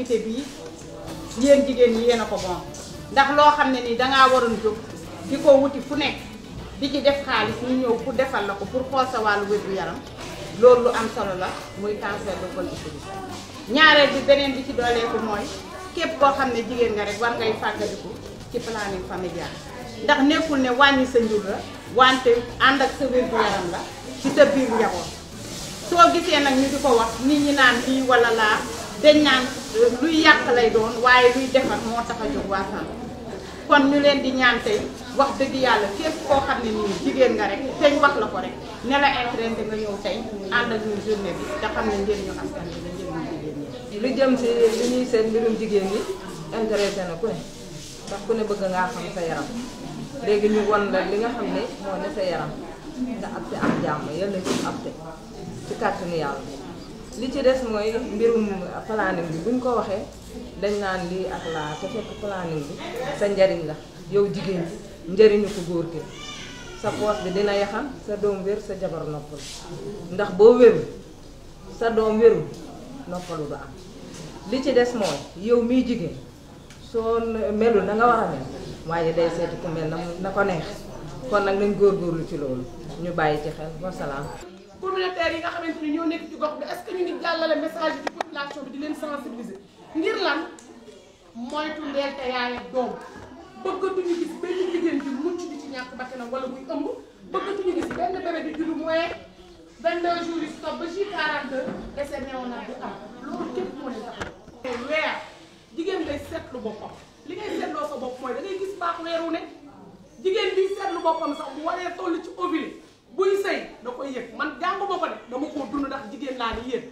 activité bii yéen jigéen ñi yéen a ko moom ndax loo xam ne nii dangaa waroon jóg di ko wuti fu nekk di ci def xaalis ñu ñëw pour defal la ko pour xool sa wàllu wér gu yaram loolu lu am solo la muy cancer du col utérus ñaareel bi beneen bi ci dooleeku mooy képp koo xam ne jigéen nga rek war ngay fàggaliku ci planning familial ndax nekkul ne wàññi sa njur la wante ànd ak sa wér gu yaram la ci sa biir njaboot soo gisee nag ñu di ko wax nit ñi naan lii wala laa dañ luy yàq lay doon waaye luy defar moo tax a jóg waa kon ñu leen di ñaan tey wax dëgg yàlla képp koo xam ne nii jigéen nga rek tey wax la ko rek ne la intéressé nga ñëw tey ànd ak ñun journée bi da xam ne njëriñu askan bi la njëriñu seen mbirum jigéen ñi intéressé na ku ne ndax ku ne bëgg ngaa xam sa yaram léegi ñu wan la li nga xam ne moo ne sa yaram nga ab te am jàmm yal na ci ab te ci kàttanu yàlla li ci des mooy mbirum euh, planning bi buñ ko waxee dañ naan lii ak laa te fekk planning bi sa njariñ la yow jigéen bi njariñu ko góor gi sa poos bi dina yaxam sa doom wér sa jabar noppal ndax boo wéru sa doom wéru noppalu ba am li ci des mooy yow miy jigéen soo melu na nga war a mel waaye day seeti ku mel na na ko neex kon nag nañ góorlu ci loolu ñu bàyyi ci xel wasalaam communautaire yi nga xamante ni ñoo nekk ci gox bi est-ce que ñu ngi jàllale message ci population bi di leen sensibiliser ngir lan moytu ndeel te yaay ak doom bëggatuñu gis benn jigéen bi mucc di ci ñàkk bakkanam wala muy ëmb bëggatuñu gis benn bébé bi juddu moins 22 jours ba ci 42 décès néonat bi am li ngay seetloo sa bopp mooy da gis baax weeru ne jigéen bi seetlu boppam sax bu waree toll ci ovule buy sëy da koy yëg man jànguma ko de dama koo dund ndax jigéen laa ni yéen